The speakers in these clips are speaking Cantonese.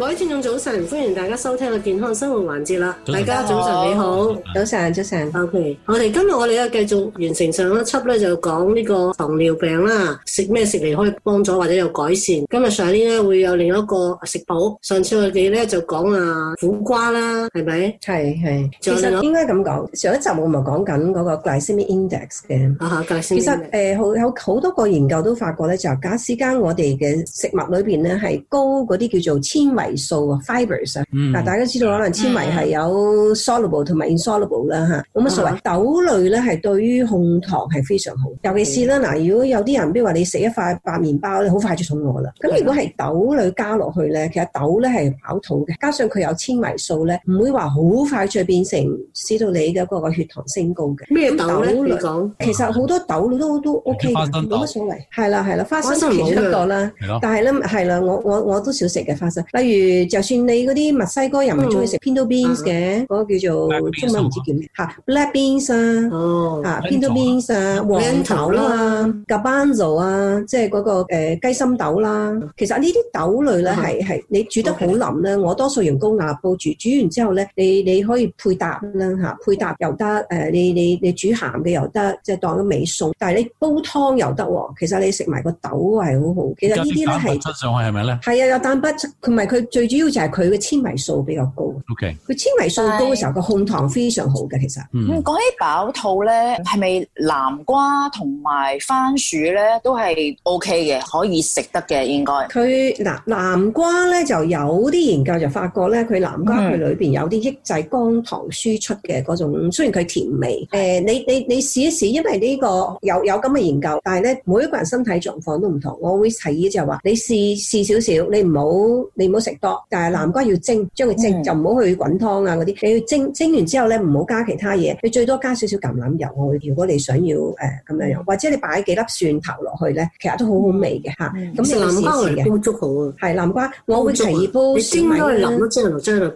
各位聽眾早晨，歡迎大家收聽個健康生活環節啦！上大家早晨你好，早晨早晨，O.K. 我哋今日我哋又繼續完成上一輯咧，就講呢個糖尿病啦，食咩食嚟，可以幫助或者有改善。今日上一年呢會有另一個食譜，上次我哋咧就講啊苦瓜啦，係咪？係係。其實應該咁講，上一集我咪講緊嗰個 glycemic index 嘅。吓 glycemic index 其實誒、呃，好有好多個研究都發覺咧，就假使間我哋嘅食物裏面咧係高嗰啲叫做纖維。素啊，fibers 啊，嗱，大家知道可能纖維係有 soluble 同埋 insoluble 啦，吓，冇乜所謂。豆類咧係對於控糖係非常好，尤其是啦嗱，如果有啲人，比如話你食一塊白麵包咧，好快就肚餓啦。咁如果係豆類加落去咧，其實豆咧係飽肚嘅，加上佢有纖維素咧，唔會話好快就變成使到你嘅嗰個血糖升高嘅。咩豆咧？你講，其實好多豆都都 OK，冇乜所謂。係啦係啦，花生其中一個啦，但係咧係啦，我我我都少食嘅花生，例如。就算你嗰啲墨西哥人，咪中意食 pinto beans 嘅，嗰個叫做中文唔知叫咩吓 black beans 啊，吓 pinto beans 啊，黃豆啊，garbanzo 啊，即係嗰個雞心豆啦。其實呢啲豆類咧係係你煮得好腍咧，我多數用高壓煲煮，煮完之後咧，你你可以配搭啦吓，配搭又得誒，你你你煮鹹嘅又得，即係當咗味餸。但係你煲湯又得喎，其實你食埋個豆係好好。其實呢啲咧係蛋白質上係咪咧？係啊，有蛋白質，同埋佢。最主要就係佢嘅纖維素比較高，OK，佢纖維素高嘅時候，個控對糖非常好嘅。其實，講起飽肚咧，係咪南瓜同埋番薯咧都係 OK 嘅，可以食得嘅應該。佢，嗱南瓜咧就有啲研究就發覺咧，佢南瓜佢裏邊有啲抑制肝糖輸出嘅嗰種，雖然佢甜味，誒、呃、你你你試一試，因為呢個有有咁嘅研究，但係咧每一個人身體狀況都唔同，我會提議就係話你試試少少，你唔好你唔好食。但係南瓜要蒸，將佢蒸、嗯、就唔好去滾湯啊嗰啲。你要蒸蒸完之後咧，唔好加其他嘢，你最多加少少橄欖油。我如果你想要誒咁樣樣，或者你擺幾粒蒜頭落去咧，其實都好好味嘅嚇。咁、嗯啊、你試試、啊、南瓜嚟煲粥好喎。係南瓜，粥我會隨意煲先，米啦。你蒸咗佢淋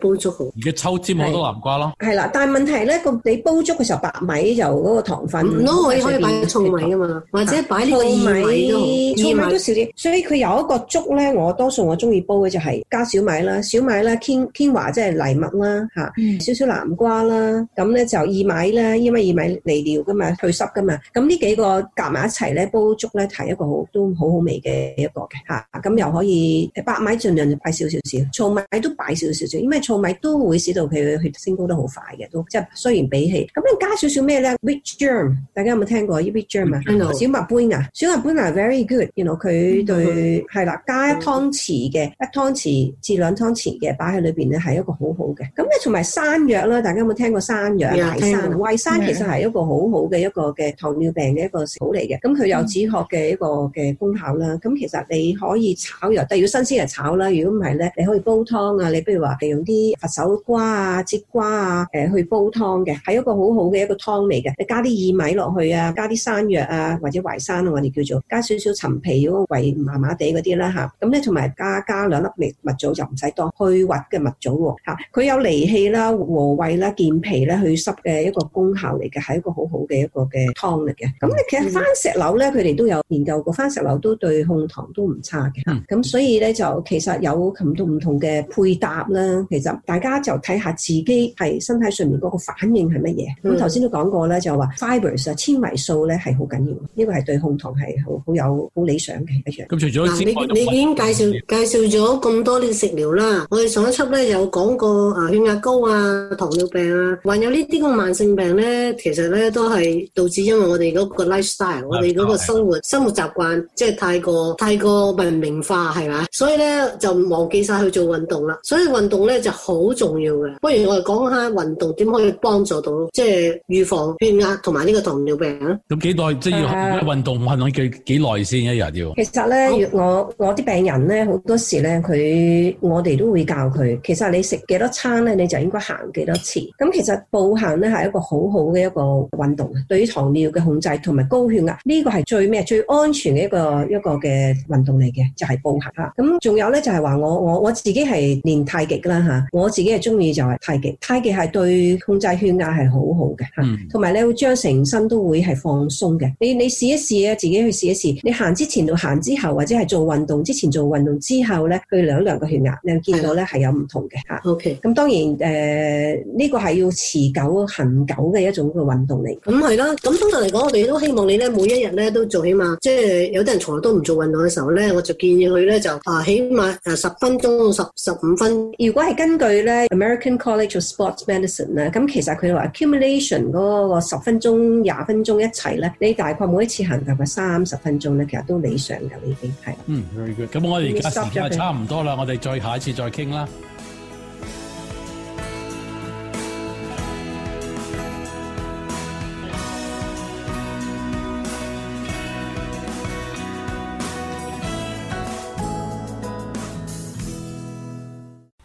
煲粥好、啊。而家秋天冇多南瓜咯。係啦，但係問題咧，個你煲粥嘅時候，白米由嗰個糖分，唔好、嗯嗯、可以可以擺粟米啊嘛，或者擺呢個薏米，薏米，米，米都少啲。所以佢有一個粥咧，我多數我中意煲嘅就係小米啦，小米啦，纖纖華即係藜麥啦，吓、嗯，少少南瓜啦，咁咧就薏米啦，因為薏米利尿噶嘛，去濕噶嘛，咁呢幾個夾埋一齊咧，煲粥咧係一個都好都好好味嘅一個嘅，吓，咁又可以白米盡量就擺少少少，醋米都擺少少少，因為醋米都會使到佢嘅血升高得好快嘅，都即係雖然比起咁加少少咩咧？Wheat germ，大家有冇聽過呢？Wheat germ 啊，小麥胚芽啊，小麥胚芽啊 very good，然後佢對係啦、嗯，加一湯匙嘅一湯匙。自兩湯匙嘅擺喺裏面咧，係一個好好嘅。咁咧同埋山藥啦。大家有冇聽過山藥、淮 Yeah, 山、淮、嗯、山其實係一個好好嘅一個嘅糖尿病嘅一個食譜嚟嘅。咁佢、嗯、有止渴嘅一個嘅功效啦。咁其實你可以炒藥，但要新鮮嚟炒啦。如果唔係咧，你可以煲湯啊。你不如話用啲佛手瓜啊、節瓜啊，呃、去煲湯嘅，係一個好好嘅一個湯嚟嘅。你加啲薏米落去啊，加啲山藥啊，或者淮山、啊，我哋叫做加少少陳皮嗰個胃麻麻地嗰啲啦吓，咁咧同埋加加兩粒味物。就唔使當去核嘅蜜棗喎、哦，吓佢有理氣啦、和胃啦、健脾咧去濕嘅一個功效嚟嘅，係一個好好嘅一個嘅湯嚟嘅。咁咧、嗯、其實番石榴咧，佢哋都有研究過，番石榴都對控糖都唔差嘅。咁、嗯、所以咧就其實有咁多唔同嘅配搭啦。其實大家就睇下自己係身體上面嗰個反應係乜嘢。咁頭先都講過咧，就話 fibers 啊，纖維素咧係好緊要，呢個係對控糖係好好有好理想嘅一樣。咁除咗你你已經介紹介紹咗咁多呢？食療啦，我哋上一輯咧有講過啊，血壓高啊，糖尿病啊，患有呢啲咁嘅慢性病咧，其實咧都係導致因為我哋嗰個 lifestyle，、啊、我哋嗰個生活的生活習慣即係太過太過文明化係嘛，所以咧就唔忘記晒去做運動啦，所以運動咧就好重要嘅。不如我哋講下運動點可以幫助到，即係預防血壓同埋呢個糖尿病啊？咁幾耐即係要運動？運動我問下幾耐先一日要？其實咧好，我我啲病人咧好多時咧佢。我哋都會教佢，其實你食幾多餐咧，你就應該行幾多次。咁其實步行咧係一個好好嘅一個運動，對於糖尿嘅控制同埋高血壓呢個係最咩最安全嘅一個一個嘅運動嚟嘅，就係步行啊。咁仲有咧就係話我我我自己係練太極啦吓，我自己係中意就係太極，太極係對控制血壓係好好嘅吓，同埋、嗯、你會將成身都會係放鬆嘅。你你試一試啊，自己去試一試。你行之前度行之後，或者係做運動之前做運動之後咧，去量量個。你又見到咧係有唔同嘅嚇，OK。咁當然誒，呢、呃這個係要持久恒久嘅一種嘅運動嚟。咁係啦，咁通常嚟講，我哋都希望你咧每一日咧都做起碼，即係有啲人從來都唔做運動嘅時候咧，我就建議佢咧就啊起碼誒十分鐘十十五分。如果係根據咧 American College of Sports Medicine 咧，咁其實佢話 accumulation 嗰個十分鐘、廿分鐘一齊咧，你大概每一次行大概三十分鐘咧，其實都理想嘅已經係。嗯咁、mm, 我哋而家時間差唔多啦，我哋。再下一次再傾啦。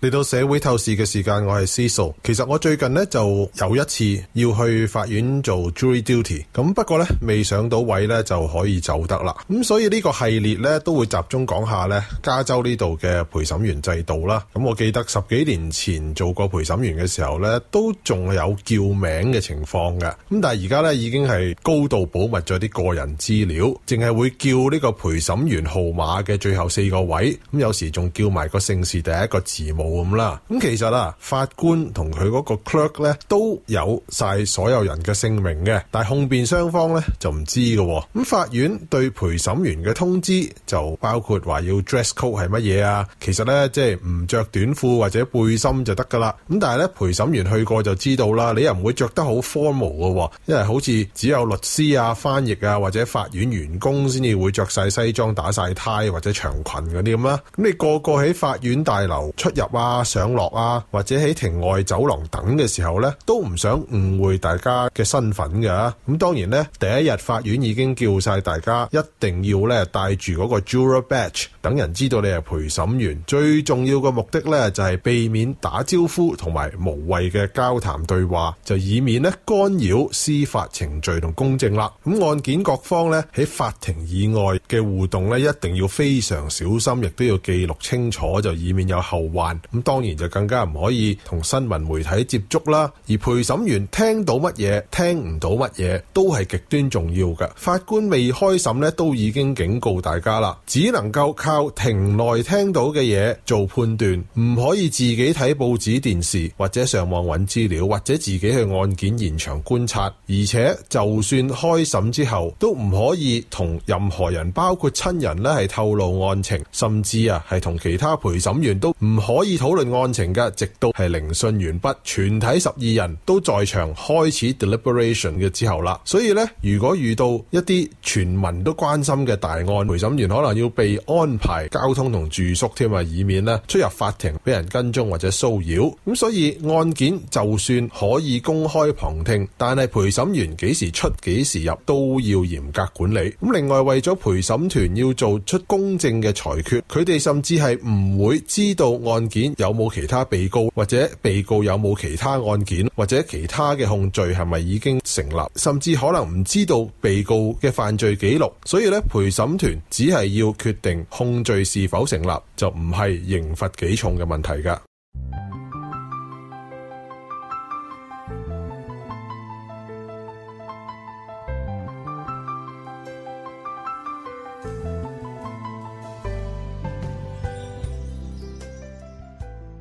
嚟到社會透視嘅時間，我係 Cecil。其實我最近咧就有一次要去法院做 jury duty，咁不過咧未上到位咧就可以走得啦。咁所以呢個系列咧都會集中講下咧加州呢度嘅陪審員制度啦。咁我記得十幾年前做過陪審員嘅時候咧，都仲有叫名嘅情況嘅。咁但係而家咧已經係高度保密咗啲個人資料，淨係會叫呢個陪審員號碼嘅最後四個位，咁有時仲叫埋個姓氏第一個字母。咁啦，咁其實啊，法官同佢嗰個 clerk 咧都有晒所有人嘅姓名嘅，但係控辯雙方咧就唔知嘅喎。咁法院對陪審員嘅通知就包括話要 dress code 係乜嘢啊？其實咧即係唔着短褲或者背心就得噶啦。咁但係咧陪審員去過就知道啦，你又唔會着得好 formal 嘅喎，因為好似只有律師啊、翻譯啊或者法院員工先至會着晒西裝打晒呔或者長裙嗰啲咁啦。咁你個個喺法院大樓出入啊啊，上落啊，或者喺庭外走廊等嘅時候呢，都唔想誤會大家嘅身份㗎啊。咁當然呢，第一日法院已經叫晒大家一定要呢帶住嗰個 juror badge，等人知道你係陪審員。最重要嘅目的呢，就係避免打招呼同埋無謂嘅交談對話，就以免呢干擾司法程序同公正啦。咁案件各方呢，喺法庭以外嘅互動呢，一定要非常小心，亦都要記錄清楚，就以免有後患。咁當然就更加唔可以同新聞媒體接觸啦。而陪審員聽到乜嘢，聽唔到乜嘢，都係極端重要嘅。法官未開審呢，都已經警告大家啦，只能夠靠庭內聽到嘅嘢做判斷，唔可以自己睇報紙、電視或者上網揾資料，或者自己去案件現場觀察。而且就算開審之後，都唔可以同任何人，包括親人呢，係透露案情，甚至啊，係同其他陪審員都唔可以。討論案情嘅，直到係聆訊完畢，全體十二人都在場開始 deliberation 嘅之後啦。所以咧，如果遇到一啲全民都關心嘅大案，陪審員可能要被安排交通同住宿添啊，以免咧，出入法庭俾人跟蹤或者騷擾。咁所以案件就算可以公開旁聽，但係陪審員幾時出幾時入都要嚴格管理。咁另外為咗陪審團要做出公正嘅裁決，佢哋甚至係唔會知道案件，有冇其他被告，或者被告有冇其他案件，或者其他嘅控罪係咪已經成立？甚至可能唔知道被告嘅犯罪記錄，所以咧陪審團只係要決定控罪是否成立，就唔係刑罰幾重嘅問題噶。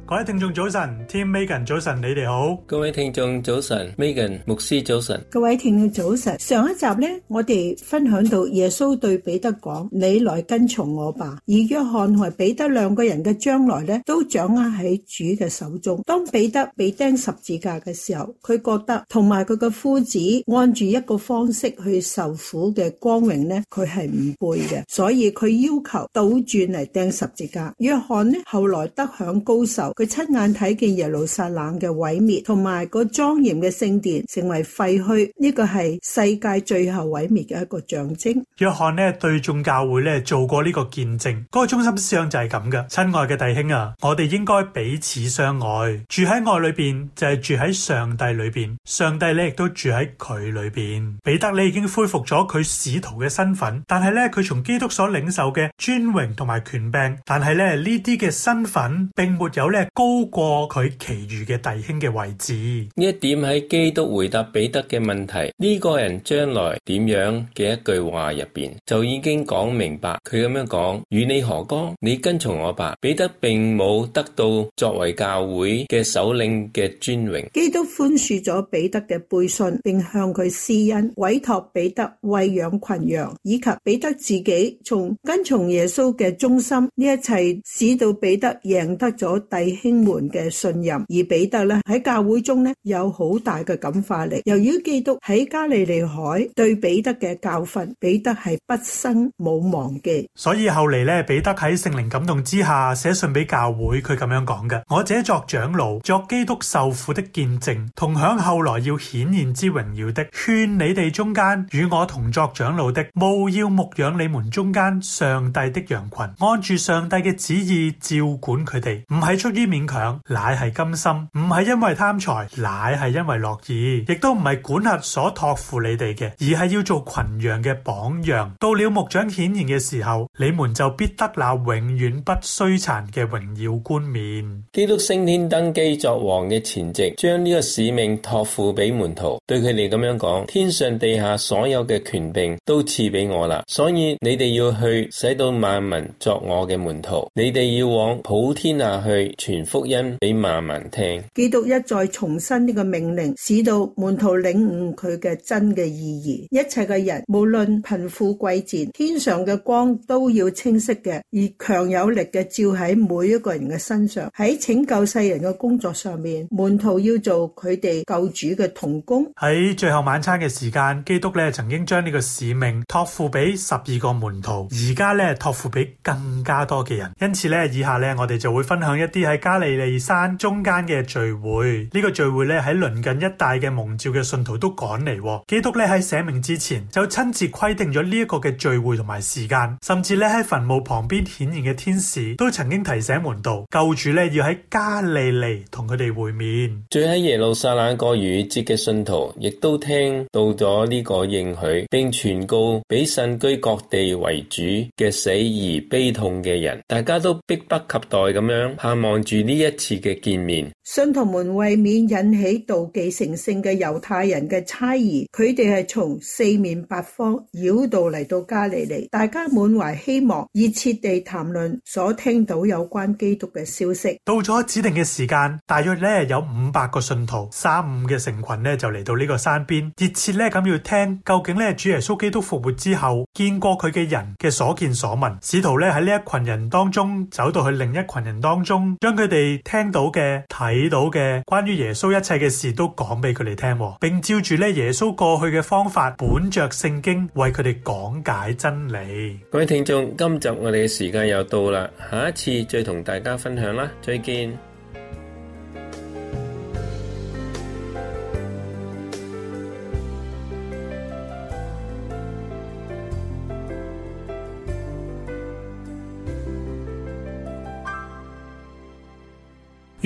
各位聽眾早晨。Team Megan 早晨，你哋好。各位聽眾早晨，Megan 牧師早晨，各位聽眾早晨。上一集呢，我哋分享到耶穌對彼得講：你來跟從我吧。而約翰同埋彼得兩個人嘅將來呢，都掌握喺主嘅手中。當彼得被釘十字架嘅時候，佢覺得同埋佢嘅夫子按住一個方式去受苦嘅光榮呢，佢係唔背嘅，所以佢要求倒轉嚟釘十字架。約翰呢，後來得享高壽，佢親眼睇見耶路撒冷嘅毀滅同埋個莊嚴嘅聖殿成為廢墟，呢個係世界最後毀滅嘅一個象徵。約翰咧對眾教會咧做過呢個見證，嗰、那個中心思想就係咁嘅。親愛嘅弟兄啊，我哋應該彼此相愛，住喺愛裏邊就係、是、住喺上帝裏邊，上帝呢亦都住喺佢裏邊。彼得咧已經恢復咗佢使徒嘅身份，但係呢，佢從基督所領受嘅尊榮同埋權柄，但係咧呢啲嘅身份並沒有咧高過佢。其餘嘅弟兄嘅位置呢，一點喺基督回答彼得嘅問題呢、這個人將來點樣嘅一句話入邊就已經講明白。佢咁樣講：與你何干？你跟從我吧。彼得並冇得到作為教會嘅首領嘅尊榮。基督寬恕咗彼得嘅背信，並向佢施恩，委託彼得餵養群羊，以及彼得自己從跟從耶穌嘅忠心呢一切，使到彼得贏得咗弟兄們嘅信。而彼得咧喺教會中咧有好大嘅感化力。由於基督喺加利利海對彼得嘅教訓，彼得係畢生冇忘記。所以後嚟咧，彼得喺聖靈感動之下寫信俾教會，佢咁樣講嘅：我這作長老，作基督受苦的見證，同享後來要顯現之榮耀的。勸你哋中間與我同作長老的，務要牧養你們中間上帝的羊群，按住上帝嘅旨意照管佢哋，唔係出於勉強，乃係。甘心唔係因為貪財，乃係因為樂意，亦都唔係管轄所託付你哋嘅，而係要做群羊嘅榜樣。到了牧長顯現嘅時候，你們就必得那永遠不衰殘嘅榮耀冠冕。基督升天登基作王嘅前夕，將呢個使命托付俾門徒，對佢哋咁樣講：天上地下所有嘅權柄都賜俾我啦，所以你哋要去使到萬民作我嘅門徒，你哋要往普天下去傳福音俾萬。聽，基督一再重申呢個命令，使到門徒領悟佢嘅真嘅意義。一切嘅人，無論貧富貴賤，天上嘅光都要清晰嘅，而強有力嘅照喺每一個人嘅身上。喺拯救世人嘅工作上面，門徒要做佢哋救主嘅同工。喺最後晚餐嘅時間，基督咧曾經將呢個使命托付俾十二個門徒，而家咧託付俾更加多嘅人。因此咧，以下咧我哋就會分享一啲喺加利利山中。中間嘅聚會，呢、這個聚會咧喺鄰近一帶嘅蒙召嘅信徒都趕嚟、哦。基督咧喺捨命之前就親自規定咗呢一個嘅聚會同埋時間，甚至咧喺墳墓旁邊顯現嘅天使都曾經提醒門徒，救主咧要喺加利利同佢哋會面。最喺耶路撒冷過逾越節嘅信徒，亦都聽到咗呢個應許，並傳告俾散居各地為主嘅死而悲痛嘅人。大家都迫不及待咁樣盼望住呢一次嘅見。信徒們為免引起妒忌成性嘅猶太人嘅猜疑，佢哋係從四面八方繞道嚟到加利利。大家滿懷希望，熱切地談論所聽到有關基督嘅消息。到咗指定嘅時間，大約咧有五百個信徒，三五嘅成群呢就嚟到呢個山邊，熱切咧咁要聽究竟呢，主耶穌基督復活之後見過佢嘅人嘅所見所聞。使徒咧喺呢一群人當中走到去另一群人當中，將佢哋聽到嘅、睇到嘅關於耶穌一切嘅事都講俾佢哋聽，並照住咧耶穌過去嘅方法，本着聖經為佢哋講解真理。各位聽眾，今集我哋嘅時間又到啦，下一次再同大家分享啦，再見。